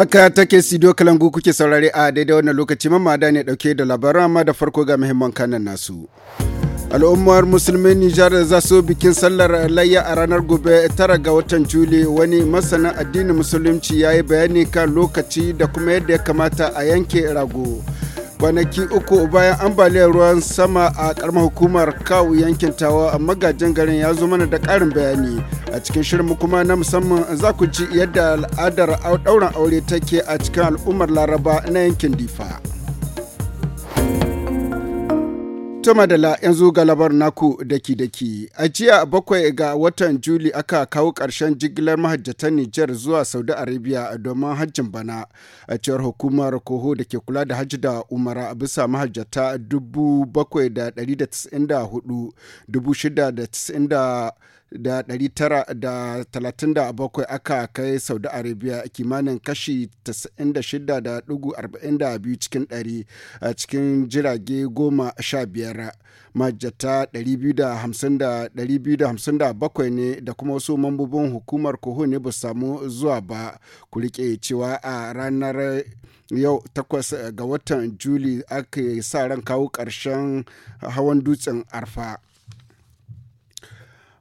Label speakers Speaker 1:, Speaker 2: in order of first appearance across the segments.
Speaker 1: Aka take studio kalangu kuke saurare a daidai wannan lokaci mamada ne dauke da labaran amma da farko ga muhimman kanan nasu. al'ummar musulmin nijar za su bikin sallar layya a ranar gobe tara ga watan juli wani masana addinin musulunci ya yi bayani kan lokaci da kuma yadda ya kamata a yanke rago kwanaki uku bayan ambaliyar ruwan sama a karamar hukumar kawu yankin tawa a magajin garin ya zo mana da karin bayani a cikin shirin kuma na musamman za ku ji yadda al'adar ɗaurin aure take a cikin al'ummar laraba na yankin difa. To madala yanzu ga labar naku daki-daki. A jiya bakwai ga watan Juli aka kawo ƙarshen jigilar mahajjatan Nijar zuwa Saudi Arabia domin hajjin bana a cewar hukumar Koho da ke kula da hajji da umara bisa mahajjata dubu dubu bakwai da da da da hudu shida da. da 937 aka kai saudi arabia kimanin kashi 96.42 cikin 100 a cikin jirage 15 majata 257 ne da kuma wasu mambobin hukumar kohu ne ba samu zuwa ba ku rike cewa a ranar yau takwas ga watan juli aka sa ran kawo ƙarshen hawan dutsen arfa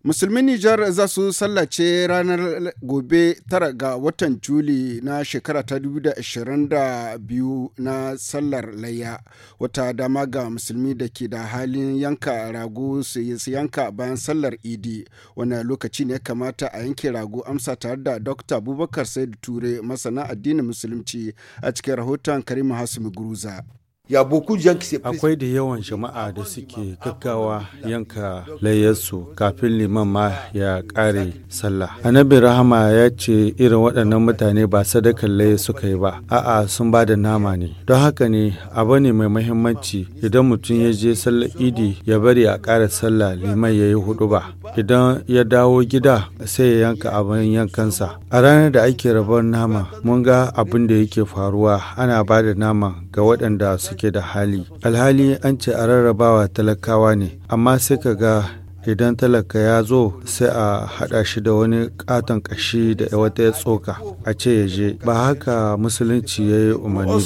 Speaker 1: musulmin nijar za su sallace ranar gobe tara ga watan juli na shekara ta 2022 na sallar layya wata dama ga musulmi da ke da halin yanka rago su yanka bayan sallar idi wani lokaci ne kamata a yanke rago amsa tare da dr abubakar said ture masana addinin musulunci a cikin rahoton karima hasumi guruza Akwai
Speaker 2: da yawan jama'a da suke gaggawa yanka layyarsu kafin liman ma ya kare sallah. Annabi Rahama ya ce irin waɗannan mutane ba sadakar layya suka yi ba, a'a sun ba da nama ne. Don haka ne abu ne mai muhimmanci idan mutum ya je sallar idi ya bari a kare sallah liman ya yi hudu ba. Idan ya dawo gida sai ya yanka abin yankansa. A ranar da ake rabon nama mun ga abin da yake faruwa ana ba da nama ga waɗanda suke suke da hali alhali an ce a rarrabawa talakawa ne amma sai ka ga idan talaka ya zo sai a haɗa shi da wani katon kashi da wata ya tsoka a ce ya je ba haka musulunci ya yi umarni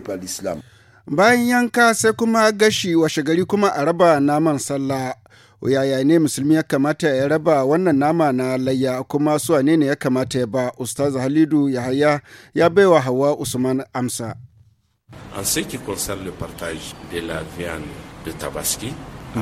Speaker 1: ba bayan yanka sai kuma gashi washe gari kuma a raba naman sallah yaya ne musulmi ya kamata ya raba wannan nama na layya kuma su ne ya kamata ya ba ustaz halidu yahaya ya baiwa hawa usman amsa
Speaker 3: En ce qui concerne le partage de la viande de Tabaski,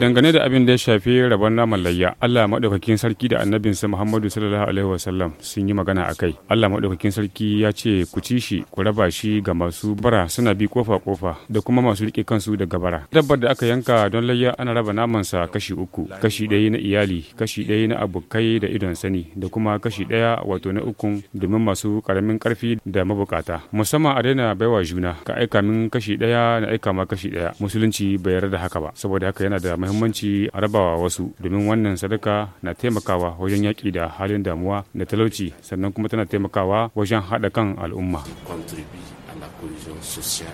Speaker 3: dangane da abin da ya shafi rabon naman layya Allah maɗaukakin sarki da annabinsa Muhammadu sallallahu alaihi wasallam sun yi magana a kai Allah maɗaukakin sarki ya ce ku ci shi ku raba shi ga masu bara suna bi kofa kofa da kuma masu rike kansu daga bara dabbar da aka yanka don layya ana raba namansa kashi uku kashi ɗaya na iyali kashi ɗaya na abokai da idon sani da kuma kashi ɗaya wato na ukun domin masu karamin karfi da mabukata musamman a daina baiwa juna ka aika min kashi ɗaya na aika ma kashi ɗaya musulunci bai yarda da haka ba saboda haka yana da muhimmanci a rabawa wasu domin wannan sadaka na taimakawa wajen yaƙi da halin damuwa da talauci sannan kuma tana taimakawa wajen haɗa kan al'umma. social.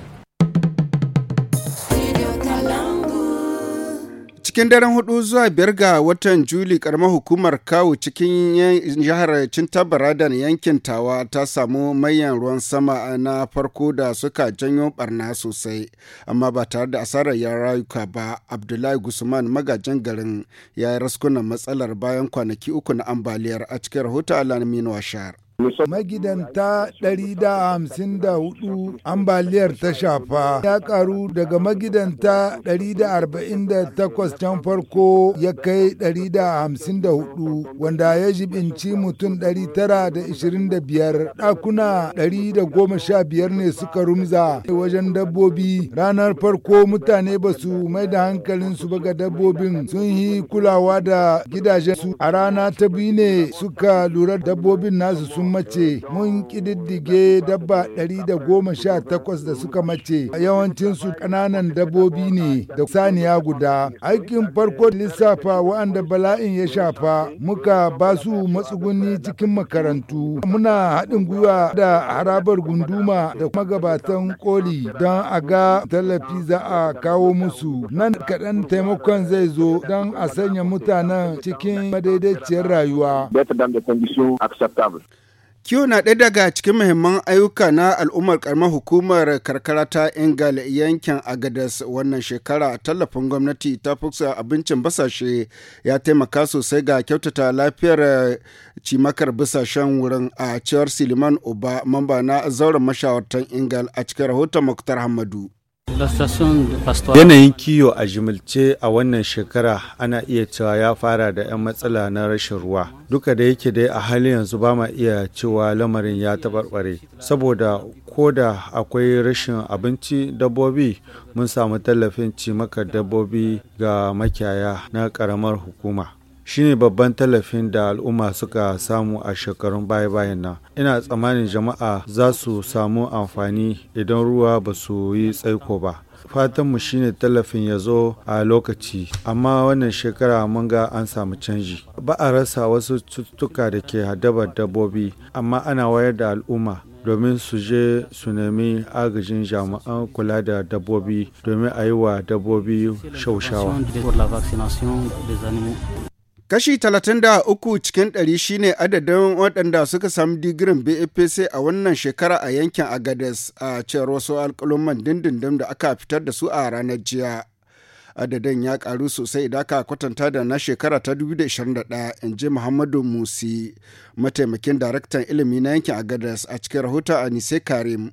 Speaker 1: cikin daren hudu zuwa biyar ga watan juli karamar hukumar kawo cikin jihar da yankin tawa ta samu mayan ruwan sama na farko da suka janyo barna sosai amma ba tare da asarar ya rayuka ba abdullahi gusman magajin garin ya yi raskunan matsalar bayan kwanaki uku na ambaliyar a cikin rahoton alamin washar
Speaker 4: Magidanta 154 ambaliyar ta shafa ya karu daga magidanta 148 can farko ya kai 154 wanda ya jibinci mutum 925 ɗakuna 115 ne suka rumza wajen dabbobi ranar farko mutane ba su mai da hankalinsu ba ga dabbobin sun yi kulawa da gidajen su. a rana ta biyu ne suka lura dabbobin nasu sun mace mun kididdige dabba 118 da suka mace a yawancinsu ƙananan dabbobi ne da saniya guda. Aikin farko lissafa waɗanda bala'in ya shafa muka ba su matsuguni cikin makarantu. Muna haɗin gwiwa da harabar gunduma da magabatan koli don a ga tallafi za a kawo musu. Nan kaɗan taimakon zai zo don a sanya mutanen cikin madaidaiciyar rayuwa. Kiwo na ɗaya daga cikin muhimman ayyuka na al'ummar
Speaker 1: karamar hukumar karkara ta Ingal yankin Agadas wannan shekara tallafin gwamnati ta fusa abincin basashe ya taimaka sosai ga kyautata lafiyar eh, cimakar basashen wurin a cewar Siliman Uba mamba na zauren mashawartan Ingal a cikin rahoton Muktar Hamadu.
Speaker 2: Yanayin kiyo a jimilce a wannan shekara ana iya cewa ya fara da 'yan matsala na rashin ruwa. Duka da yake dai a halin yanzu ba ma iya cewa lamarin ya taɓarɓare. Saboda ko da akwai rashin abinci dabbobi mun samu tallafin cimakar dabbobi ga makiyaya na ƙaramar hukuma. shine babban tallafin da al'umma suka samu a shekarun baya-bayan nan ina tsammanin jama'a za su samu amfani idan ruwa ba su yi tsaiko ba fatanmu shine tallafin ya zo a lokaci amma wannan shekara mun ga an samu canji ba a rasa wasu cututtuka da ke haddabar dabbobi amma ana wayar da al'umma domin su je su nemi agajin jami'an kula da dabbobi domin a yi wa dabbobi shaushawa
Speaker 1: Kashi talatin da uku cikin ɗari shine adadin waɗanda suka sami digirin BAPC a wannan shekara a yankin Agades a cewar wasu alƙaloman dindindin da aka fitar da su a ranar jiya. Adadin ya ƙaru sosai idan aka kwatanta da na shekara ta 2021 in ji Muhammadu Musi, mataimakin daraktan ilimi na yankin Agades a cikin rahoton Anise Karim.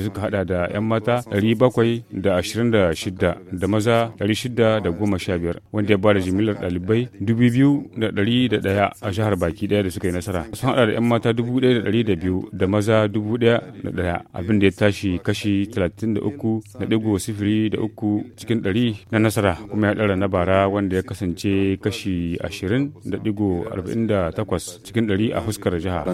Speaker 3: da suka hada da 'yan mata 726 da maza 615 wanda ya ba da jimillar dalibai 2,101 a shahar baki daya da suka yi nasara sun hada da 'yan mata 1,200 da maza 1,001 abinda ya tashi kashi 33.03 cikin 100 na nasara kuma ya dara na bara wanda ya kasance kashi 20.48 cikin 100 a fuskar jihar.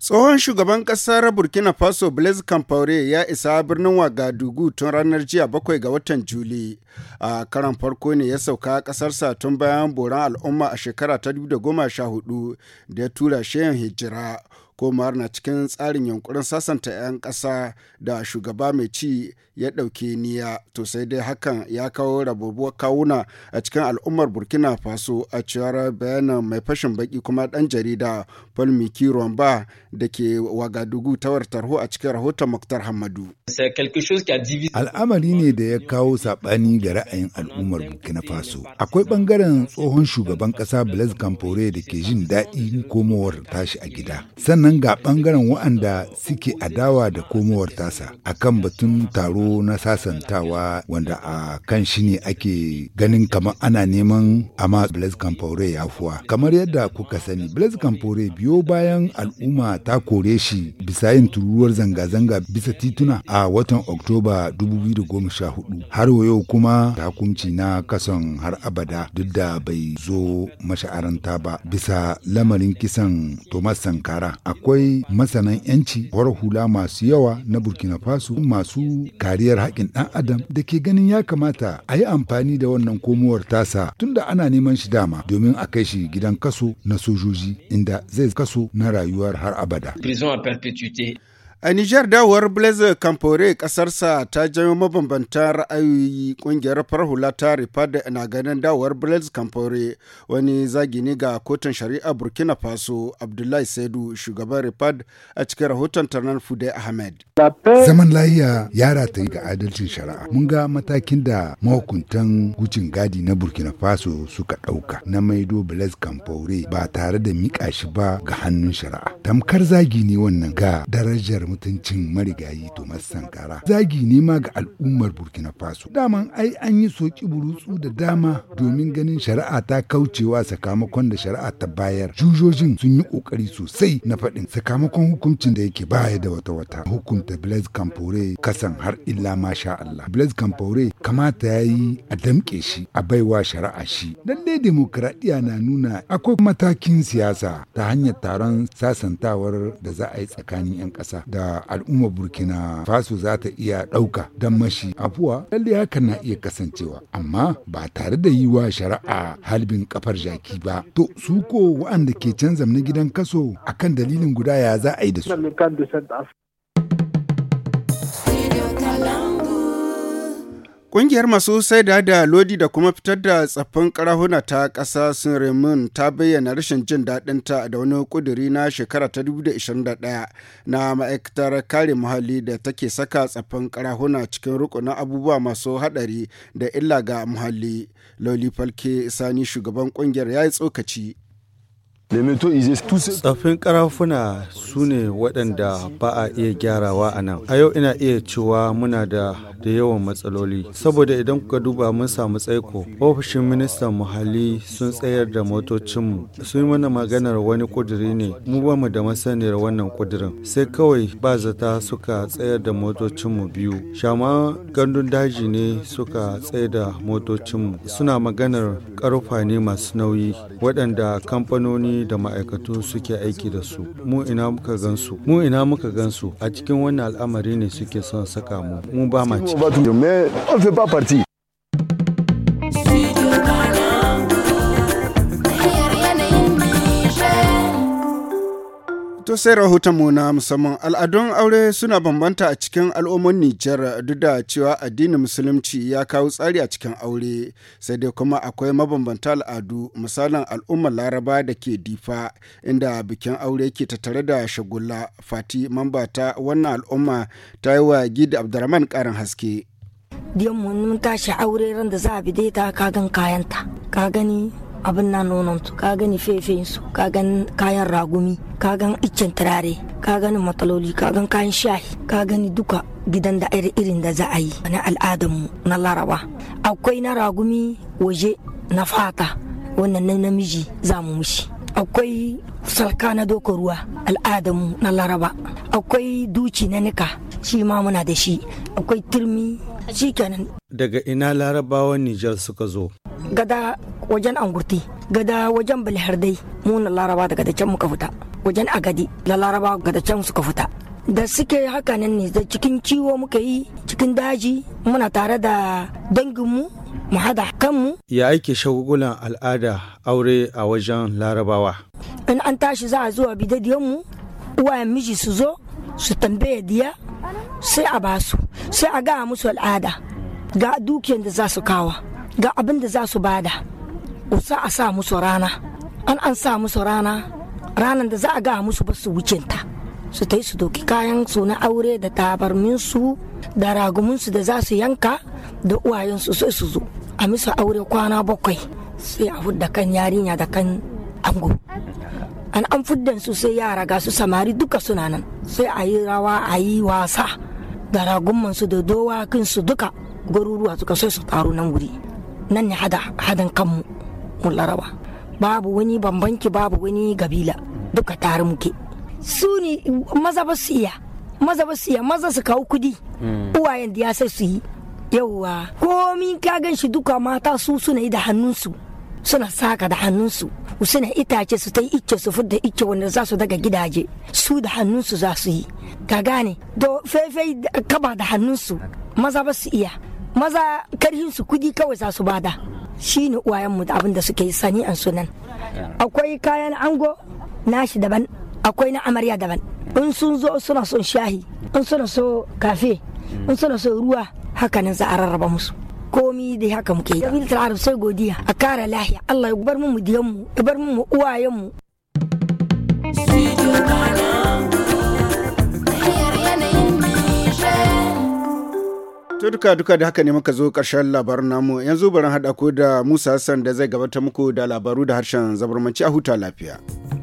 Speaker 1: Tsohon shugaban ƙasar Burkina Faso Blaise Compaoré ya isa birnin Wagadugu tun ranar jiya bakwai ga watan Juli. A karan farko ne ya sauka ƙasarsa tun bayan boran al'umma a shekara ta 2014 da ya tura shayin hijira. komawar na cikin tsarin yankurin sasanta 'yan ƙasa da shugaba mai ci ya ɗauki niya to sai dai hakan ya kawo rabubuwar kawuna a cikin al'ummar burkina faso a cewar bayanan mai fashin baki kuma ɗan jarida paul miki romba da ke wagadugu tawar tarho a cikin rahoton muktar hamadu
Speaker 4: al'amari ne da ya kawo saɓani ga ra'ayin al'ummar burkina faso akwai ɓangaren tsohon shugaban ƙasa blaise campore da ke jin daɗin komowar tashi a gida sannan nan ga ɓangaren waɗanda suke adawa da komowar tasa a kan batun taro na sasantawa wanda a kan shi ne ake ganin kamar ana neman ma. Blaise ya fuwa. Kamar yadda kuka sani Blaise Campore biyo bayan al'umma ta kore shi bisa yin turuwar zanga-zanga bisa tituna a watan Oktoba 2014 har yau kuma takunci na kason har abada duk da bai zo masha'aranta ba bisa lamarin kisan Thomas Sankara a akwai masanan 'yanci war hula masu yawa na burkina faso masu kariyar haƙin ɗan adam da ke ganin ya kamata a yi amfani da wannan komowar tasa tunda ana neman shi dama domin a kai shi gidan kaso na sojoji inda zai kaso na rayuwar har abada. A
Speaker 1: Nijar dawowar Blaise Compaore kasarsa ta janyo mabambanta ra'ayoyi kungiyar farhula ta da na ganin dawowar Blaise kamfore wani zagi ne ga kotun shari'a Burkina Faso Abdullahi Saidu shugaban Rifad a cikin rahoton Tarnan Fude
Speaker 4: Ahmed. Zaman lahiya ya ta ga adalcin shari'a. Mun ga matakin da mahukuntan gucin gadi na Burkina Faso suka ɗauka na maido Blaise Compaore ba tare da miƙa shi ba ga hannun shari'a. Tamkar zagi ne wannan ga darajar mutuncin marigayi Thomas Sankara. Zagi ne ma ga al'ummar Burkina Faso. Daman ai an yi soki burutsu da dama domin ganin shari'a ta kaucewa sakamakon da shari'a ta bayar. Jujojin sun yi kokari sosai na faɗin sakamakon hukuncin da yake baya da wata wata. Hukunta Blaise Compaore kasan har illa masha Allah. Blaise Compaore kamata ya yi a damƙe shi a baiwa shari'a shi. Lallai demokradiyya na nuna akwai matakin siyasa ta hanyar taron sasantawar da za a yi tsakanin 'yan ƙasa da al'ummar burkina faso za ta iya ɗauka don mashi afuwa lalle hakan na iya kasancewa amma ba tare da yi wa shari'a halbin kafar jaki ba to su ko wa'anda ke canza na gidan kaso akan dalilin guda ya za a yi da su Ƙungiyar masu saida
Speaker 1: da lodi da kuma fitar da tsaffin karahuna ta ƙasa Sun ta bayyana rashin jin daɗinta da wani ƙuduri na shekara ta 2021 na ma'aikatar kare muhalli da take saka tsaffin karahuna cikin rukunin abubuwa masu haɗari da illa ga muhalli. loli Falke Sani shugaban ƙungiyar ya yi tsokaci.
Speaker 2: Tsaffin karafuna su ne waɗanda ba a iya gyarawa a nan. A yau ina iya cewa muna da da yawan matsaloli. Saboda idan kuka duba mun samu tsaiko, ofishin ministan muhalli sun tsayar da motocinmu. Sun yi mana maganar wani kuduri ne, mu ba mu da masaniyar wannan kudurin. Sai kawai ba zata suka tsayar da motocinmu biyu. Shama gandun daji ne suka tsayar da motocinmu. Suna maganar ƙarfa ne masu nauyi, waɗanda kamfanoni da ma'aikatu suke aiki da su mu ina muka gansu mu ina muka gansu a cikin wannan al'amari ne suke son saka mu mu ba ma
Speaker 1: ciki To sai mu na musamman al'adun aure suna bambanta a cikin al'ummar Nijar duk da cewa addinin musulunci ya kawo tsari a cikin aure sai dai kuma akwai mabambanta al'adu misalin al'ummar laraba da ke difa inda bikin aure ke tattare da shagulla fati mambata wannan al'umma ta yi wa gidi abdurrahman karin haske.
Speaker 5: Diyan mun tashi aure ran da za a bi dai ta kagan kayanta ka gani abin na nonon su ka gani fefen su ka gani kayan ragumi ka gan iccen turare ka gani mataloli ka gan kayan shahi ka gani duka gidan da iri irin da za a yi na al'adarmu na laraba akwai na ragumi waje na fata wannan na namiji za mu mishi akwai salka na doka ruwa al'adamu na laraba akwai duci na nika shi ma muna da shi akwai turmi shi kenan
Speaker 2: daga ina larabawan nijar suka zo
Speaker 5: gada wajen angurti gada wajen balhardai muna laraba daga da can muka fita wajen agadi da laraba daga can suka fita da suke haka nan ne da cikin ciwo muka yi cikin daji muna tare da danginmu mu hada kanmu
Speaker 2: ya aike shagugulan al'ada aure a wajen larabawa
Speaker 5: in an tashi za a zuwa bidadiyanmu uwayen miji su zo su tambaye diya sai a basu sai a gaya musu al'ada ga dukiyan da za su kawa ga abin da za su bada usa a sa musu rana an an sa musu rana ranar da za a ga musu ba su wucinta su ta yi su doki kayan su na aure da tabarminsu da raguminsu da za su yanka da uwayensu sai su zo a musu aure kwana bakwai sai a hudda kan yarinya da kan ango an an fuddan su sai yara ga su samari duka suna nan sai a yi rawa a yi wasa da ragumman da dowakinsu duka garuruwa suka sai su taru nan wuri nan ne hada hadan kanmu mun laraba babu wani bambanci babu wani gabila duka tare muke su ne maza ba su iya maza ba su iya maza su kawo kudi hmm. uwayen da ya sai su yi yauwa komi ka gan shi duka mata su suna yi da hannunsu suna saka da hannunsu suna itace su ta yi icce su fudda icce wanda za su daga gidaje su da hannunsu za su yi ka gane do faifai kaba da hannunsu maza ba su iya maza karhin su kudi kawai za su bada shi ne uwayenmu da abin da suke yi sani an sunan akwai kayan ango nashi daban akwai na amarya daban in sun zo suna son shahi in suna so kafe in suna so ruwa haka nan za a rarraba musu komi da haka muke yi sai godiya a kara lahiya Allah ya bar mu mu diyan mu ya bar mu uwayen mu
Speaker 1: To duka duka da haka ne muka zo ƙarshen labarin namu yanzu barin haɗa ko da Musa Hassan da zai gabatar muku da labaru da harshen zabarmanci a huta lafiya.